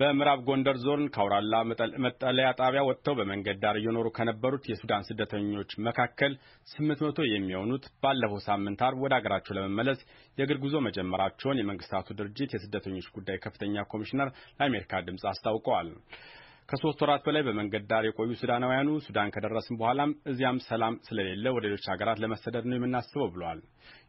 በምዕራብ ጎንደር ዞን ካውራላ መጠለያ ጣቢያ ወጥተው በመንገድ ዳር እየኖሩ ከነበሩት የሱዳን ስደተኞች መካከል ስምንት መቶ የሚሆኑት ባለፈው ሳምንት አርብ ወደ አገራቸው ለመመለስ የእግር ጉዞ መጀመራቸውን የመንግስታቱ ድርጅት የስደተኞች ጉዳይ ከፍተኛ ኮሚሽነር ለአሜሪካ ድምፅ አስታውቀዋል። ከሦስት ወራት በላይ በመንገድ ዳር የቆዩ ሱዳናውያኑ ሱዳን ከደረስን በኋላም እዚያም ሰላም ስለሌለ ወደ ሌሎች ሀገራት ለመሰደድ ነው የምናስበው ብለዋል።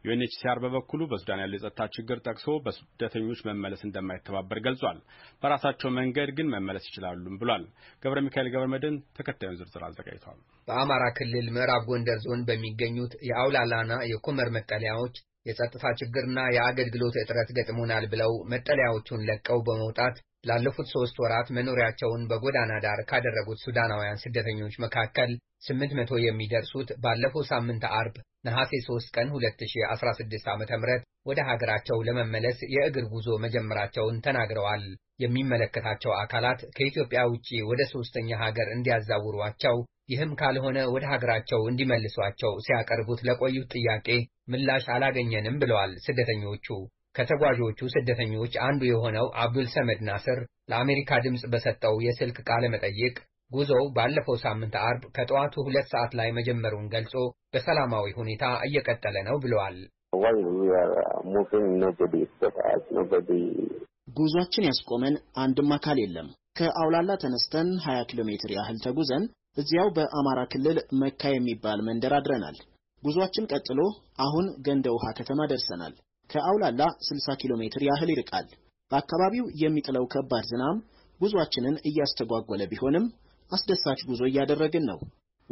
ዩኤንኤችሲአር በበኩሉ በሱዳን ያለው የጸጥታ ችግር ጠቅሶ በስደተኞች መመለስ እንደማይተባበር ገልጿል። በራሳቸው መንገድ ግን መመለስ ይችላሉም ብሏል። ገብረ ሚካኤል ገብረ መድን ተከታዩን ዝርዝር አዘጋጅቷል። በአማራ ክልል ምዕራብ ጎንደር ዞን በሚገኙት የአውላላና የኮመር መጠለያዎች የጸጥታ ችግርና የአገልግሎት እጥረት ገጥሞናል ብለው መጠለያዎቹን ለቀው በመውጣት ላለፉት ሶስት ወራት መኖሪያቸውን በጎዳና ዳር ካደረጉት ሱዳናውያን ስደተኞች መካከል 800 የሚደርሱት ባለፈው ሳምንት አርብ ነሐሴ 3 ቀን 2016 ዓ.ም ወደ ሀገራቸው ለመመለስ የእግር ጉዞ መጀመራቸውን ተናግረዋል። የሚመለከታቸው አካላት ከኢትዮጵያ ውጪ ወደ ሦስተኛ ሀገር እንዲያዛውሯቸው ይህም ካልሆነ ወደ ሀገራቸው እንዲመልሷቸው ሲያቀርቡት ለቆዩት ጥያቄ ምላሽ አላገኘንም ብለዋል ስደተኞቹ። ከተጓዦቹ ስደተኞች አንዱ የሆነው አብዱል ሰመድ ናስር ለአሜሪካ ድምፅ በሰጠው የስልክ ቃለ መጠይቅ ጉዞው ባለፈው ሳምንት አርብ ከጠዋቱ ሁለት ሰዓት ላይ መጀመሩን ገልጾ በሰላማዊ ሁኔታ እየቀጠለ ነው ብለዋል። ጉዟችን ያስቆመን አንድም አካል የለም። ከአውላላ ተነስተን 20 ኪሎ ሜትር ያህል ተጉዘን እዚያው በአማራ ክልል መካ የሚባል መንደር አድረናል። ጉዟችን ቀጥሎ አሁን ገንደ ውሃ ከተማ ደርሰናል። ከአውላላ 60 ኪሎ ሜትር ያህል ይርቃል። በአካባቢው የሚጥለው ከባድ ዝናብ ጉዟችንን እያስተጓጎለ ቢሆንም አስደሳች ጉዞ እያደረግን ነው።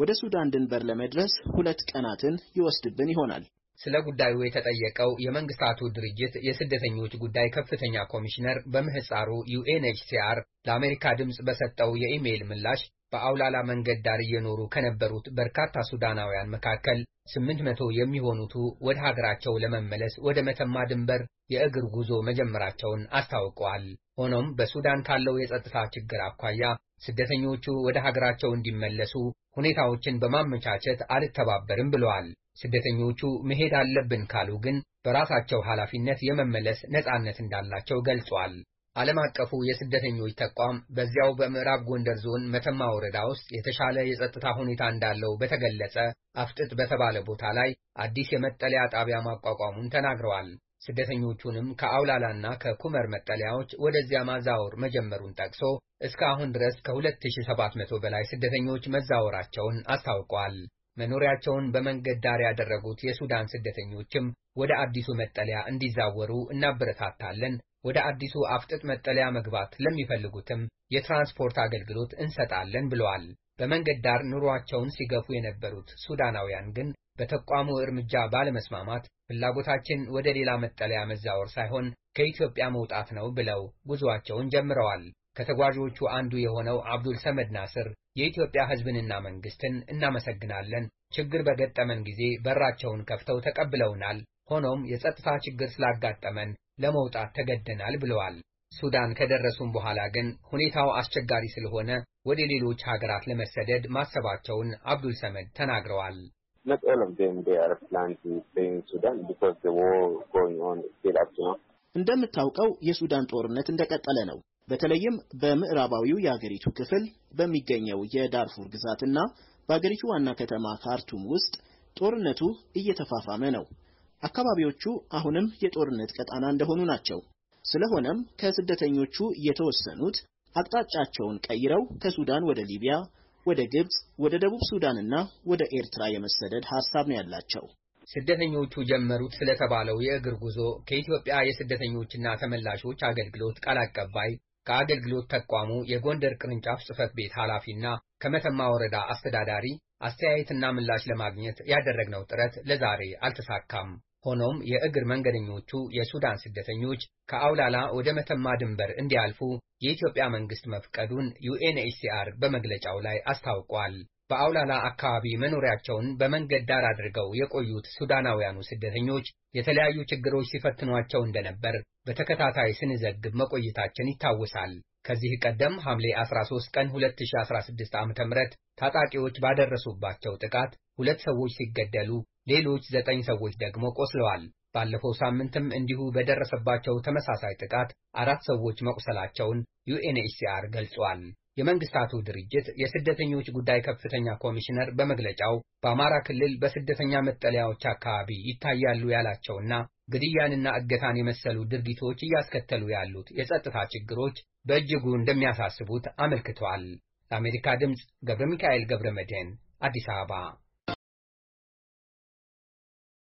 ወደ ሱዳን ድንበር ለመድረስ ሁለት ቀናትን ይወስድብን ይሆናል። ስለ ጉዳዩ የተጠየቀው የመንግስታቱ ድርጅት የስደተኞች ጉዳይ ከፍተኛ ኮሚሽነር በምህፃሩ ዩኤንኤችሲአር ለአሜሪካ ድምፅ በሰጠው የኢሜይል ምላሽ በአውላላ መንገድ ዳር እየኖሩ ከነበሩት በርካታ ሱዳናውያን መካከል ስምንት መቶ የሚሆኑቱ ወደ ሀገራቸው ለመመለስ ወደ መተማ ድንበር የእግር ጉዞ መጀመራቸውን አስታውቀዋል። ሆኖም በሱዳን ካለው የጸጥታ ችግር አኳያ ስደተኞቹ ወደ ሀገራቸው እንዲመለሱ ሁኔታዎችን በማመቻቸት አልተባበርም ብለዋል። ስደተኞቹ መሄድ አለብን ካሉ ግን በራሳቸው ኃላፊነት የመመለስ ነጻነት እንዳላቸው ገልጿል። ዓለም አቀፉ የስደተኞች ተቋም በዚያው በምዕራብ ጎንደር ዞን መተማ ወረዳ ውስጥ የተሻለ የጸጥታ ሁኔታ እንዳለው በተገለጸ አፍጥጥ በተባለ ቦታ ላይ አዲስ የመጠለያ ጣቢያ ማቋቋሙን ተናግረዋል። ስደተኞቹንም ከአውላላና ከኩመር መጠለያዎች ወደዚያ ማዛወር መጀመሩን ጠቅሶ እስከ አሁን ድረስ ከ2700 በላይ ስደተኞች መዛወራቸውን አስታውቋል። መኖሪያቸውን በመንገድ ዳር ያደረጉት የሱዳን ስደተኞችም ወደ አዲሱ መጠለያ እንዲዛወሩ እናበረታታለን ወደ አዲሱ አፍጥጥ መጠለያ መግባት ለሚፈልጉትም የትራንስፖርት አገልግሎት እንሰጣለን ብለዋል። በመንገድ ዳር ኑሯቸውን ሲገፉ የነበሩት ሱዳናውያን ግን በተቋሙ እርምጃ ባለመስማማት ፍላጎታችን ወደ ሌላ መጠለያ መዛወር ሳይሆን ከኢትዮጵያ መውጣት ነው ብለው ጉዞአቸውን ጀምረዋል። ከተጓዦቹ አንዱ የሆነው አብዱል ሰመድ ናስር የኢትዮጵያ ሕዝብንና መንግስትን እናመሰግናለን። ችግር በገጠመን ጊዜ በራቸውን ከፍተው ተቀብለውናል። ሆኖም የጸጥታ ችግር ስላጋጠመን ለመውጣት ተገደናል ብለዋል። ሱዳን ከደረሱም በኋላ ግን ሁኔታው አስቸጋሪ ስለሆነ ወደ ሌሎች ሀገራት ለመሰደድ ማሰባቸውን አብዱል ሰመድ ተናግረዋል። እንደምታውቀው የሱዳን ጦርነት እንደቀጠለ ነው። በተለይም በምዕራባዊው የአገሪቱ ክፍል በሚገኘው የዳርፉር ግዛትና በአገሪቱ ዋና ከተማ ካርቱም ውስጥ ጦርነቱ እየተፋፋመ ነው። አካባቢዎቹ አሁንም የጦርነት ቀጣና እንደሆኑ ናቸው። ስለሆነም ከስደተኞቹ የተወሰኑት አቅጣጫቸውን ቀይረው ከሱዳን ወደ ሊቢያ፣ ወደ ግብፅ፣ ወደ ደቡብ ሱዳንና ወደ ኤርትራ የመሰደድ ሐሳብ ነው ያላቸው። ስደተኞቹ ጀመሩት ስለተባለው የእግር ጉዞ ከኢትዮጵያ የስደተኞችና ተመላሾች አገልግሎት ቃል አቀባይ ከአገልግሎት ተቋሙ የጎንደር ቅርንጫፍ ጽሕፈት ቤት ኃላፊና ከመተማ ወረዳ አስተዳዳሪ አስተያየትና ምላሽ ለማግኘት ያደረግነው ጥረት ለዛሬ አልተሳካም። ሆኖም የእግር መንገደኞቹ የሱዳን ስደተኞች ከአውላላ ወደ መተማ ድንበር እንዲያልፉ የኢትዮጵያ መንግስት መፍቀዱን ዩኤንኤችሲአር በመግለጫው ላይ አስታውቋል። በአውላላ አካባቢ መኖሪያቸውን በመንገድ ዳር አድርገው የቆዩት ሱዳናውያኑ ስደተኞች የተለያዩ ችግሮች ሲፈትኗቸው እንደነበር በተከታታይ ስንዘግብ መቆየታችን ይታወሳል። ከዚህ ቀደም ሐምሌ 13 ቀን 2016 ዓ.ም ታጣቂዎች ባደረሱባቸው ጥቃት ሁለት ሰዎች ሲገደሉ ሌሎች ዘጠኝ ሰዎች ደግሞ ቆስለዋል። ባለፈው ሳምንትም እንዲሁ በደረሰባቸው ተመሳሳይ ጥቃት አራት ሰዎች መቁሰላቸውን ዩኤንኤችሲአር ገልጿል። የመንግስታቱ ድርጅት የስደተኞች ጉዳይ ከፍተኛ ኮሚሽነር በመግለጫው በአማራ ክልል በስደተኛ መጠለያዎች አካባቢ ይታያሉ ያላቸውና ግድያንና እገታን የመሰሉ ድርጊቶች እያስከተሉ ያሉት የጸጥታ ችግሮች በእጅጉ እንደሚያሳስቡት አመልክቷል። ለአሜሪካ ድምፅ ገብረ ሚካኤል ገብረ መድህን አዲስ አበባ